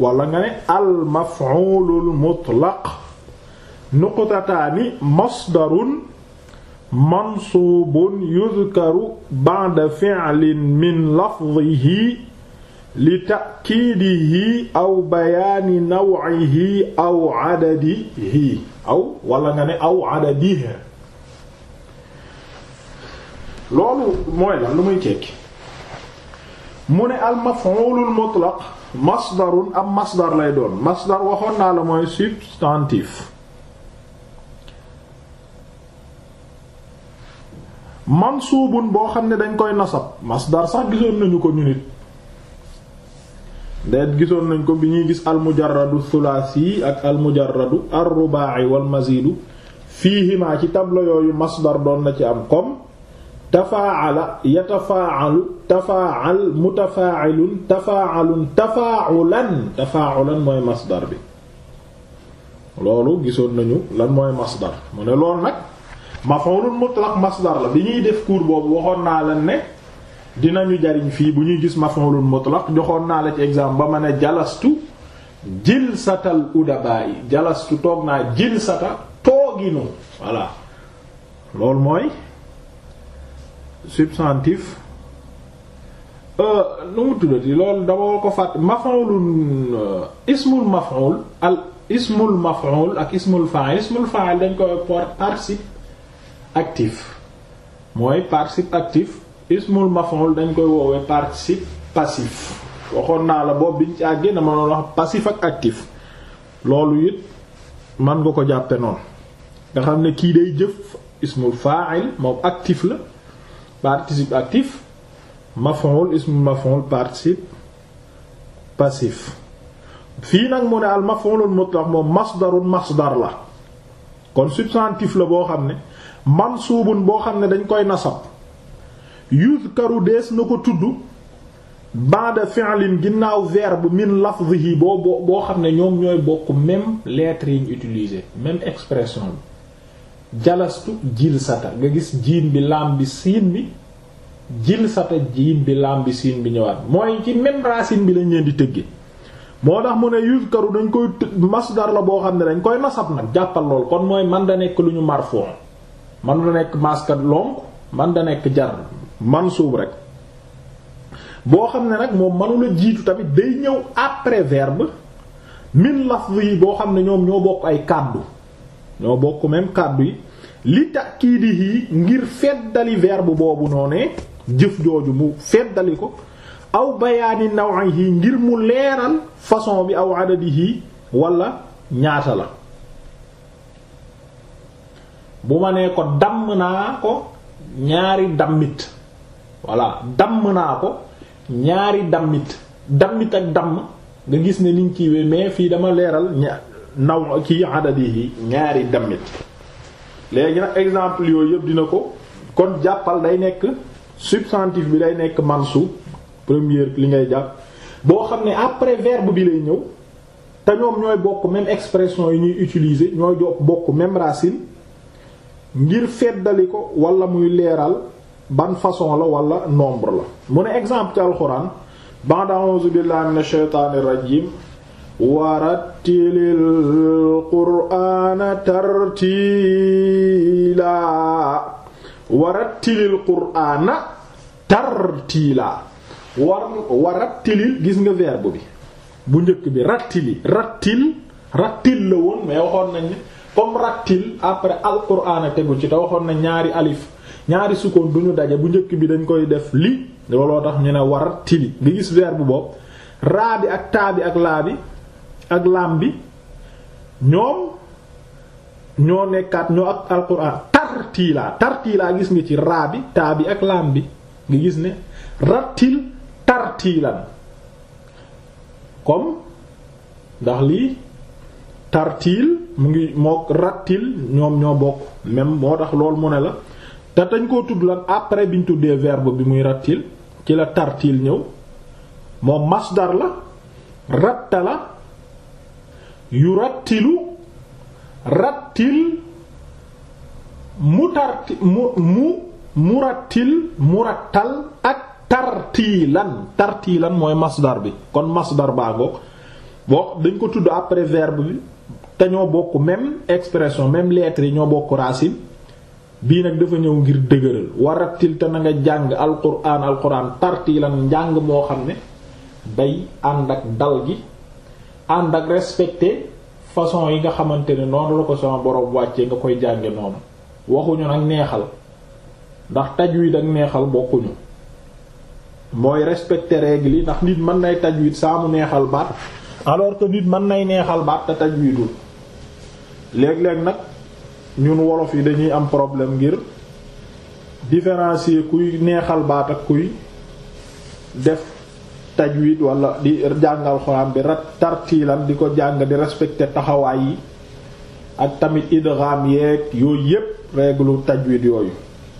wala nga ne al maf'ulul mutlaq nuqtataani masdarun mansuubun fi'lin min lafzihi li ta'kiidihi aw bayaani naw'ihi aw adadihi aw wala nga mu ne al maf'ulul mutlaq masdarun am masdar lay doon masdar waxoon naa la mooy substantif mansuubun boo xam ne dañ koy nasab masdar sax gisoon nañu ko ñu nit ndeet gisoon nañ ko bi ñuy gis al mujarradu thulaasi ak al mujarradu ar rubaa'i wal mazidu fiihimaa ci tableau yooyu masdar doon na ci am comme tafaala yatafaalu tafaal mutafailun tafaalun tafaulan tafaulan mooy masdar bi loolu gisoon nañu lan mooy masdar mu ne loolu nag maf'ulun mutlaq masdar la bi ñuy def cours boobu waxoon naa la ne dinañu jariñ fii bu ñuy gis maf'ulun mutlaq joxoon naa la ci exemple ba ma ne jalastu jilsatal udaba yi jalastu toog naa jilsata tooginu voilà loolu mooy substantif euh, nu mu tuddati loolu dama ko fàtt maf'ulun euh, ismul maf'ul al ismul maf'ul ak ismul fa'il ismul fa'il dañ koy por participe actif mooy participe actif ismul maf'ul dañ koy woowee participe passif waxoon naa la boobu biñ ci àggee dama doon wax passif ak actif loolu it man nga ko jàppe noonu nga xam ne kii day jëf ismul fa'il moom actif la participe actif maf'ul ismu maf'ul participe passif fii nag mu ne al maf'ulul mutlaq moom masdarun masdar la kon substantif la boo xam ne mansuubun boo xam ne dañ koy nasab yuzkaru dees na ko tudd ba'da fi'lin ginnaaw verbe min lafzihi boo boo boo xam ne ñoom ñooy bokk même lettre yi ñu utilisé même expression bi jalastu jilsata nga gis jiin bi lam bi siin bi jilsata jiin bi laam bi siin bi ñëwaat mooy ci même racine bi lañ leen di tëggee moo tax mu ne yuzkaru dañ koy masdar la boo xam ne dañ koy nasab nag jàppal lool kon mooy man da nekk lu ñu marfon man nekk maskat lonk man da nekk jar man mansuub rek boo xam ne nag moom manula jiitu tamit day ñëw après verbe min lafz yi boo xam ne ñoom ñoo bokk ay kàddu ñoo bokk même kàddu yi li takiidihi ngir feddali verbe boobu noonee jëf jooju mu feddali ko aw bayaani naw'ihi ngir mu leeral façon bi aw adadihi wala ñaata la bu ma nee ko damm naa ko ñaari dammit voilà damm naa ko ñaari dammit dammit ak damm nga gis ne niñ kiiwee mais fii dama leeral naw kii yi ñaari damit léegi nag exemple yooyu yëpp dina ko kon jàppal day nekk substantif bi day nekk mansuub première li ngay jàpp boo xam ne après verbe bi lay ñëw te ñoom ñooy bokk même expression yi ñuy utiliser ñooy jox bokk même racine ngir feddali ko wala muy leeral ban façon la wala nombre la mu ne exemple ci alxuraan ba'da a'uuzu billahi minash shaytaanir rajiim warattilil qur'aana tartiilaa warattilil gis nga verbe bi bu njëkk bi rattili rattil rattil la woon mais waxoon nañ ne comme rattil après alqur'aana tegu ci te waxoon na ñaari alif ñaari sukkoon du ñu daje bu njëkk bi dañ koy def li looloo tax ñu ne waratili nga gis verbe boobu raa bi ak taa bi ak laa bi ak laam bi ñoom ñoo nekkaat ñoo ak alquran tartiilaa tartiilaa gis nga ci raa bi taa bi ak laam bi nga gis ne rattil tartiilan comme ndax lii tartiil mu ngi moo rattil ñoom ñoo bokk même moo tax loolu mu ne la te dañ koo tudd lan après biñ tuddee verbe bi muy rattil ci la tartil ñëw moom masdar la ratta la yu rattilu rattil mutarti mu mu murattil murattal ak tartiilan tartiilan mooy masdar bi kon masdar baango bo dañ ko tudd après verbe bi te ñoo bokk même expression même lettre yi ñoo bokk racine bii nag dafa ñëw ngir dëgëral warattil te jàng nga jàng alquran alquran tartiilan njàng moo xam ne day ànd ak dal gi ànd ak respecté façon yi nga xamante ne noonu la ko sama borom wàcce nga koy jànge noonu waxuñu nag neexal ndax taj tajwid ak neexal bokkuñu mooy respecté règle yi ndax nit mën nay tajwid saa mu neexal baat alors que nit mën nay neexal baat te tajwidul léeg-léeg nag ñun wolof yi dañuy am problème ngir différencier kuy neexal baat ak kuy def tajwid wala di jàngal xuraan bi rat tartiilan di ko jàng di respecter taxawaay yi ak tamit idgham yeeg yooyu yépp réglu tajwid yooyu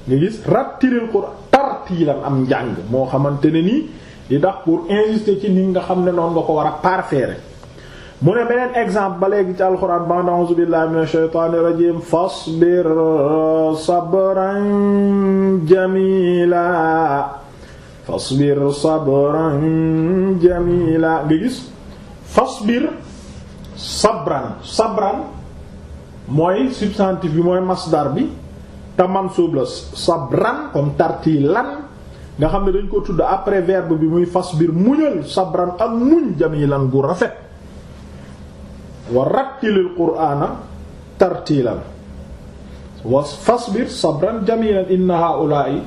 nga gis rattiril xuraan tartiilan am njàng moo xamante ne nii di tax pour insister ci ni nga xam ne noonu nga ko war a parfaire mu ne beneen exemple ba léegi ci alxuraan ba a'uuzu billaahi mina shaytaani rajiim fasbir sabran jamiila fasbir sabran jamila nga gis fasbir sabran sabran mooy substantif bi mooy masdar bi te mansub la sabran comme tartilan nga xam ne dañ ko tudd après verbe bi muy fasbir muñal sabran ak muñ jamilan gu rafet wa rattilil qur'ana tartilan wa fasbir sabran jamilan inna haula'i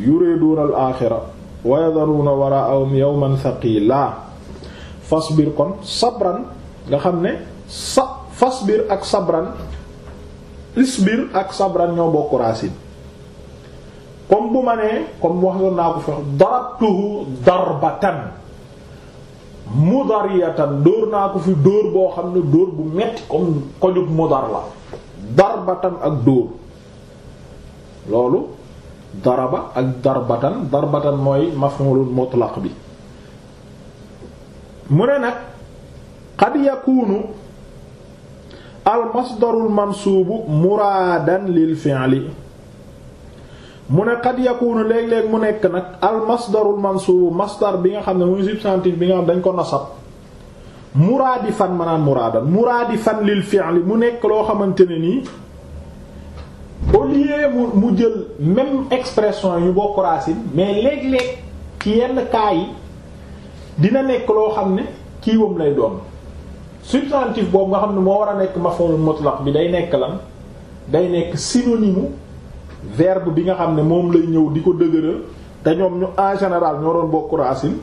yuriduna al-akhirah wa yadharuuna waraa'ahum yawman thaqiila fasbir kon sabran nga xam ne sa fasbir ak sabran isbir ak sabran ñoo bokk racine comme bu ma nee comme wax yoon naa ko fex darabtuhu darbatan mudariyatan dóor naa ko fi dóor boo xam ne dóor bu metti comme kojub mudar la darbatan ak dóor loolu daraba ak darbatan darbatan mooy maf'ulun mutlaq bi mu ne nag qad yakunu al masdarul mansuubu muraadan lil fi'li mu ne qad yakunu léeg-léeg mu nekk nag al masdarul mansuubu masdar bi nga xam ne muy substantif bi nga xam dañ ko nasab muraadifan maanaam muraadan muraadifan lil fi'li mu nekk loo xamante ne nii au lieu mu mu jël même expression yu bokk racine mais léeg-léeg ci yenn cas yi dina nekk loo xam ne kiiwam lay doon substantif boobu nga xam ne moo war a nekk maf'ul mutlaq bi day nekk lan day nekk synonyme verbe bi nga xam ne moom lay ñëw di ko dëgëral te ñoom ñu en général ñoo doon bokk racine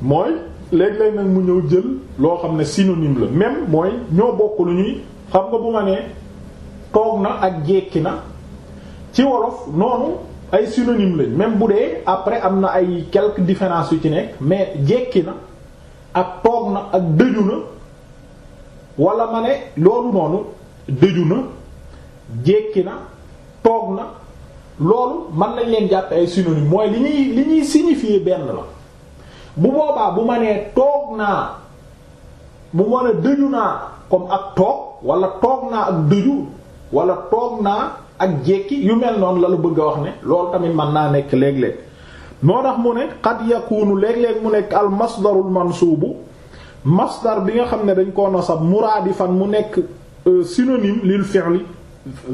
mooy léeg-léeg nag mu ñëw jël loo xam ne synonyme la même mooy ñoo bokk lu ñuy xam nga bu ma ne toog na ak jekki na ci wolof noonu ay synonyme lañ même bu dee après am na ay quelques différences yu ci nekk mais jekki na ak toog na ak dëju na wala ma ne loolu noonu dëju na jekki na toog na loolu man nañ leen jàpp ay synonyme mooy li ñuy li ñuy benn la bu boobaa bu ma nee toog naa bu ma ne dëju naa comme ak toog wala toog naa ak dëju wala toog naa ak jékki yu mel noonu la lu bëgg a wax ne loolu tamit mën naa nekk léeg-léeg moo tax mu ne qad yakunu léeg-léeg mu nekk al masdarul mansuubu masdar bi nga xam ne dañ koo nasab fan mu nekk euh, synonyme lil fi'li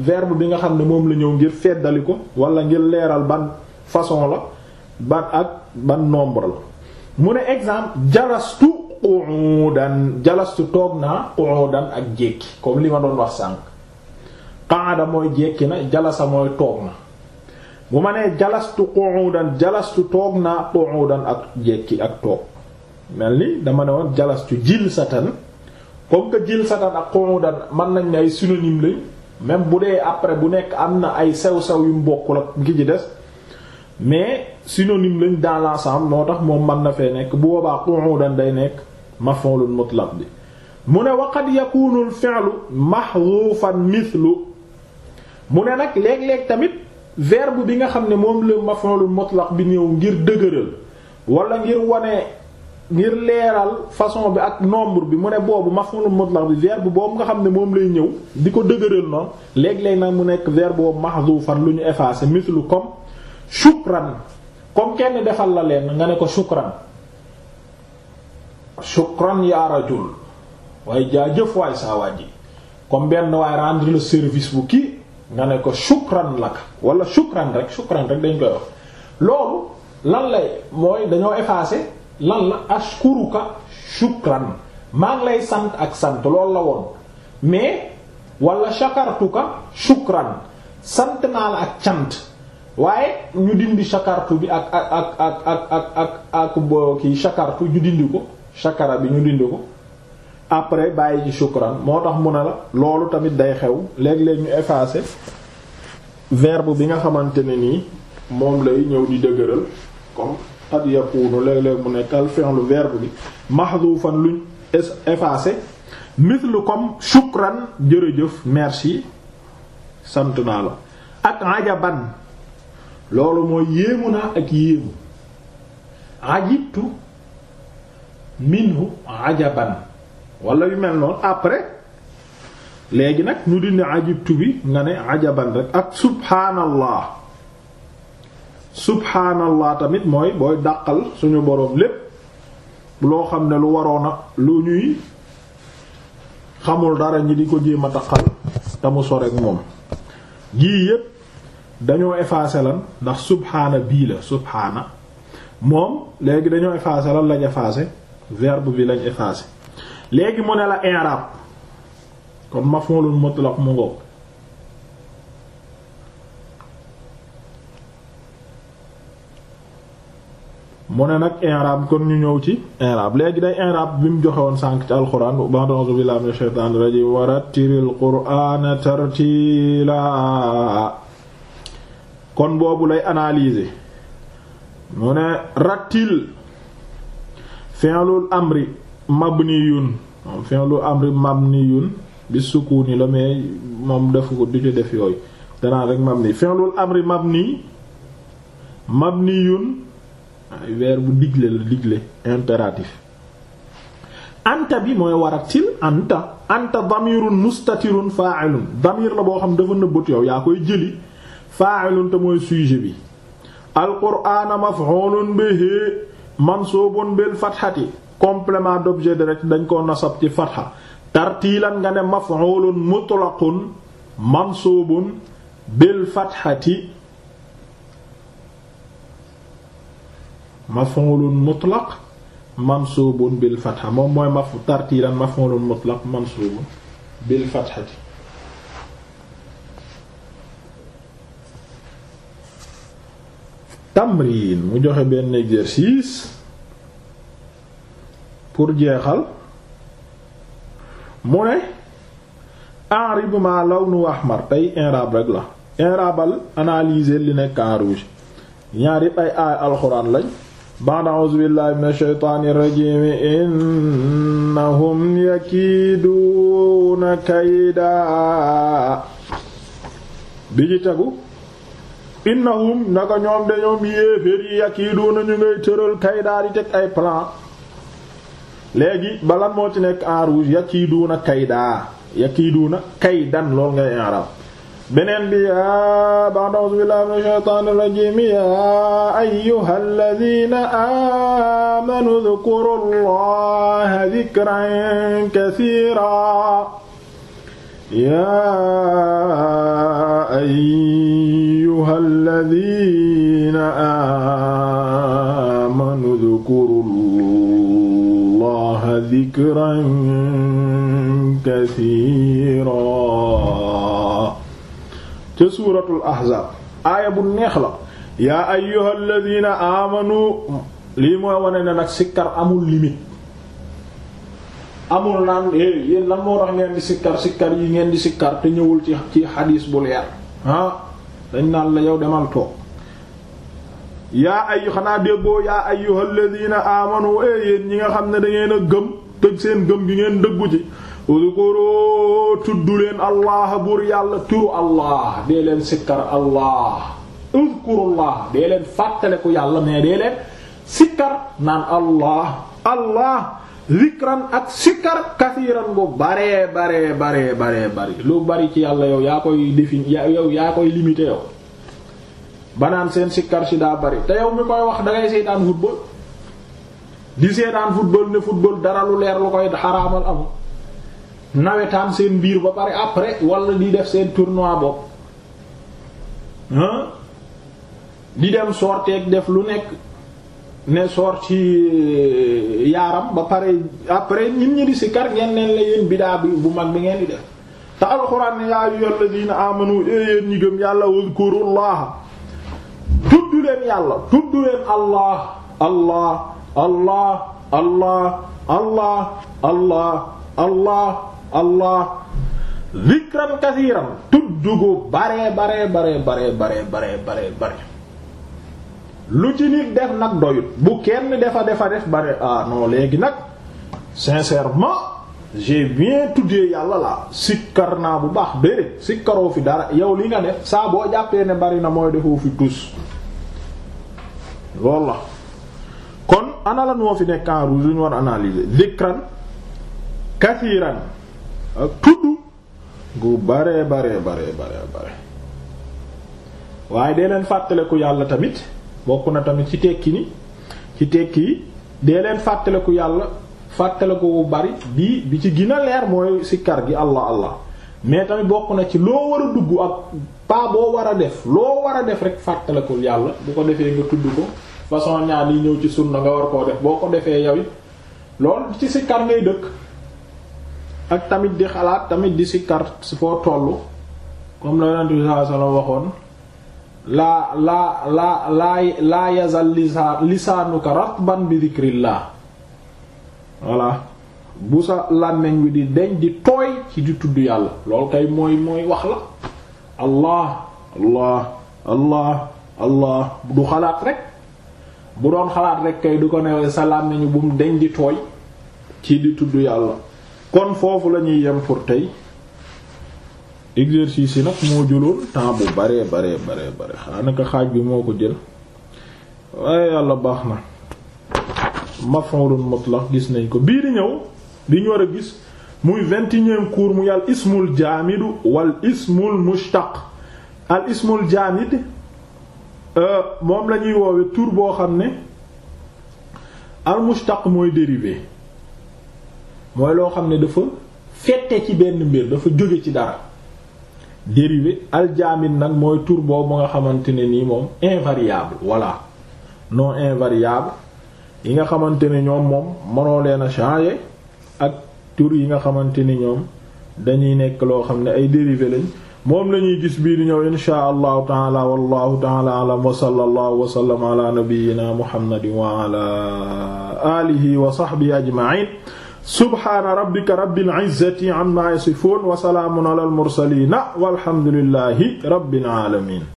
verbe bi nga xam ne moom la ñëw ngir feddali ko wala ngir leeral ban façon la ban ak ban nombre la mu ne exemple jalastu qu'udan jalastu toog naa qu'udan ak jékki comme li ma doon wax sànq qaada mooy jekki na jalasa mooy toog na bu ma nee jalastu qu'udan jalastu toog naa qu'udan ak jekki ak toog mel ni dama ne woon jalastu jilsatan comme que jilsatan ak qu'udan mën nañ ne ay synonyme lañ même bu dee après bu nekk am na ay sew-sew yu mbokkul ak ngi ci des mais synonyme lañ dans moo tax moom mën na fee nekk bu boobaa qu'udan day nekk maf'ulun mutlaq bi mu ne waqad yakunu al fi'lu mahdhufan mu ne nag léeg-léeg tamit verbe bi nga xam ne moom la maf'ulul mutlaq bi ñëw ngir dëgëral wala ngir wane ngir leeral façon bi ak nombre bi mu ne boobu maf'ulul mutlaq bi verbe boobu nga xam ne moom lay ñëw di ko dëgëral noonu léeg-léeg nag mu nekk verbe boobu mahdhufan lu ñu effacé mislu comme shukran comme kenn defal la leen nga ne ko shukran shukran ya rajul waaye jaa jëf waay saa waaj yi comme benn waaye rendre service bu kii nga ne ko shukran laka wala shukran rek shukran rek dañ koy wax loolu lan lay mooy dañoo effacer lan la ashkuruka shukran maa ngi lay sant ak sant loolu la woon mais wala shakartuka shukran sant naa la ak cant waaye ñu dindi shakartu bi ak ak ak ak ak ak ak ak bo kii shakartu ñu dindi ko shakara bi ñu dindi ko après bàyyi ci shukran moo tax mu ne la loolu tamit day xew léeg-léeg ñu effacer verbe bi nga xamante ne nii moom lay ñëw di dëgëral comme qad yakunu léeg-léeg mu nekk al lu verbe bi mahdhufan luñ effacé mithlu comme shukran jërëjëf merci sant naa la ak ajaban loolu mooy yéemu naa ak yéemu ajibtu minhu ajaban wala yu mel noonu après léegi nag ñu dindi ajibtu bi nga ne ajaban rek ak subhaanallah subhaanallah tamit mooy booy dàqal suñu boroom lépp loo xam ne lu waroona lu ñuy xamul dara ñi di ko jéem a taqal te mu soreek moom gii yépp dañoo effacer lan ndax subhaana bii la subhaana moom léegi dañoo effacer lan lañ effacer verbu bi lañ effacer léegi mu ne la i'rab kon maf'ulun mutlaq mu ngoog mu ne nag i'rab kon ñu ñëw ci i'rab léegi day i'rab bi mu joxewoon woon sànq ci alxuraan a'uuzu billaahi mina shaytaani rajiim wa rattilil qur'aana tartiila kon boobu lay analyser mu ne rattil fi'lul amri mabniyun moom fi'lu amri mabniyun bi sukuni la mais moom defu ko du ci def yooyu danaa rek mabni fi'lu amri mabni mabniyun verbe bu digle la digle impératif anta bi mooy waratil anta anta damirun mustatirun fa'ilun damir la boo xam dafa nëbbatu yow yaa koy jëli fa'ilun te mooy sujet bi alqur'ana maf'ulun bihi mansubun bil fathati complément d'objet direct dañ koo nasab ci fatxa tartiilan nga ne maf'ulun mutlaqun mansuubun bil fatxati maf'ulun mutlaq mansuubun bil fatxa moom mooy maf tartiilan maf'ulun mutlaq mansuubun bil fatxati tamrin mu joxe benn exercice pour jeexal mu ne enrib ma lawnu ahmar tey inrab rek la inrabal analyser li nekk en rouge ñaar aay alxuraan lañ ba'da a'uuzu billahi minash shaytaanir rajiim innahum yakiiduuna kaydaa bi ci tegu innahum naka ñoom de ñoom yéeféer yi yakiiduuna ñu ngay tëral kaydaa di teg ay plan léegi balan moo ci nekk en rouge yakiiduuna kaydaa yakiiduuna kaydan lool ngay i'rab beneen bi yaa ba'da a'uuzu billaahi mina shaytaani rajiim yaa ayyuhal laziina aamanu uzkuru llaaha zikran kasiiraa yaa ayyuhal laziina aamanu dhikran kathiran ca suuratul ahzaab aaya bu neex la yaa ayyuhal ladina amanu lii mooy wane ne nag sikkar amul limite amul naan eh, moo tax ngeen di sikkar sikkar yi ngeen di sikkar te ñëwul ci ci xadiis bu leer ah dañ naan la yow demal yaa ay xanaa déggoo yaa ayyuhal ladina amanu e eh, yéen ñi nga xam ne da a gëm tëj seen gëm gi ngeen dëggu ci udkuru tudd leen allah buur yàlla turu allah dee leen sikkar allah udkurullah dee leen fàttaleku yàlla mais dee leen sikkar naan allah allah zikran ak sikkar kasiiran bu baree baree baree baree bari lu bari ci yàlla yow yaa koy définir yow yaa koy limité yow banaan seen sikkar si daa bari te yow mi koy wax dangay seetaan football di seetaan football ne football dara lu leer lu koy xaraamal amul nawetaan seen biir ba pare après walla di def seen tournoi bopp di dem sorteeg def lu nekk ne sort ci euh, yaaram ba pare après ñin ñi di si kar ngeen la yéen bidaa bi bu mag bi ngeen di def te alxuraan ne yaa ayyuhal ladina amanu yéen ñi gëm yàlla wazkurullaha tudd leen yàlla tudd leen allah allah allah allah allah allah allah allah zikran kasiiran tudd gu bare bare bare bare bare bare lu ci nit def nag doyut bu kenn defa defa def bare ah léegi nag sincèrement j'ai bien tuddee yàlla la sikkar naa bu baax déedéet sikkaroo fi dara yow li nga def saaboo boo jàppee ne bari na mooy defoo fi tus loolu kon ana moo fi nekk en rouge ñu war analyser dikran kathiran ak tudd gu bare bare bare bare waaye dee leen fàttaleku yàlla tamit bokk na tamit ci tekki ni ci tekki yi dee leen fàttaleku yàlla fàttaleku bu bari bi bi ci gën a leer mooy sikkar gi allah allah mais tamit bokk na ci loo war a dugg ak pas boo war a def loo war a def rek fàttalekul yàlla bu ko defee nga tudd ko façon ñaan yi ñëw ci sunna nga war koo def boo ko defee yow it ci sikkar ngay dëkk ak tamit di xalaat tamit di sikkar si foo tollu comme la yonent bi sallallahu alayhi wasallam waxoon laa laa laa laa laa yazal lisaan lisaanuka ratban bi dhikrillah voilà bu ci tudd yàlla mooy wax la allah du xalaat rek bu doon xalaat rek kay du ko newee salaam nañu bu mu deñ tooy ci di tudd yàlla kon foofu la ñuy yem pour tey exercice yi nag moo jëloon temps bu baree baree baree bare xanaka xaaj bi moo ko jël waaye yàlla baax na maf'ulun mutlaq gis nañ ko bii di ñëw di ñu war a gis muy vingt et unième cours mu yàlla ismul jaamidu wal ismul mushtaq al ismul jaamid Euh, moom la ñuy woowe tur boo xam ne al mustaq mooy dérivé mooy loo xam ne dafa fette ci benn mbir dafa jóge ci dara dérivé aljaamin nag mooy tur boobu nga xamante ne nii moom invariable voilà non invariable yi nga xamante ne ñoom moom mënoo leen changer ak tur yi nga xamante ni ñoom dañuy nekk loo xam ne ay dérivé lañ moom lañuy gis bii di ñëw inshaa allahu taala wallahu taala alam wa sallallahu wa sallam ala nabiyyina muhammadin wa ala alihi wa sahbihi ajma'in subhaana rabbika rabbil izzati amma yasifun wa salaamun ala al mursalin walhamdulillahi rabbil alamin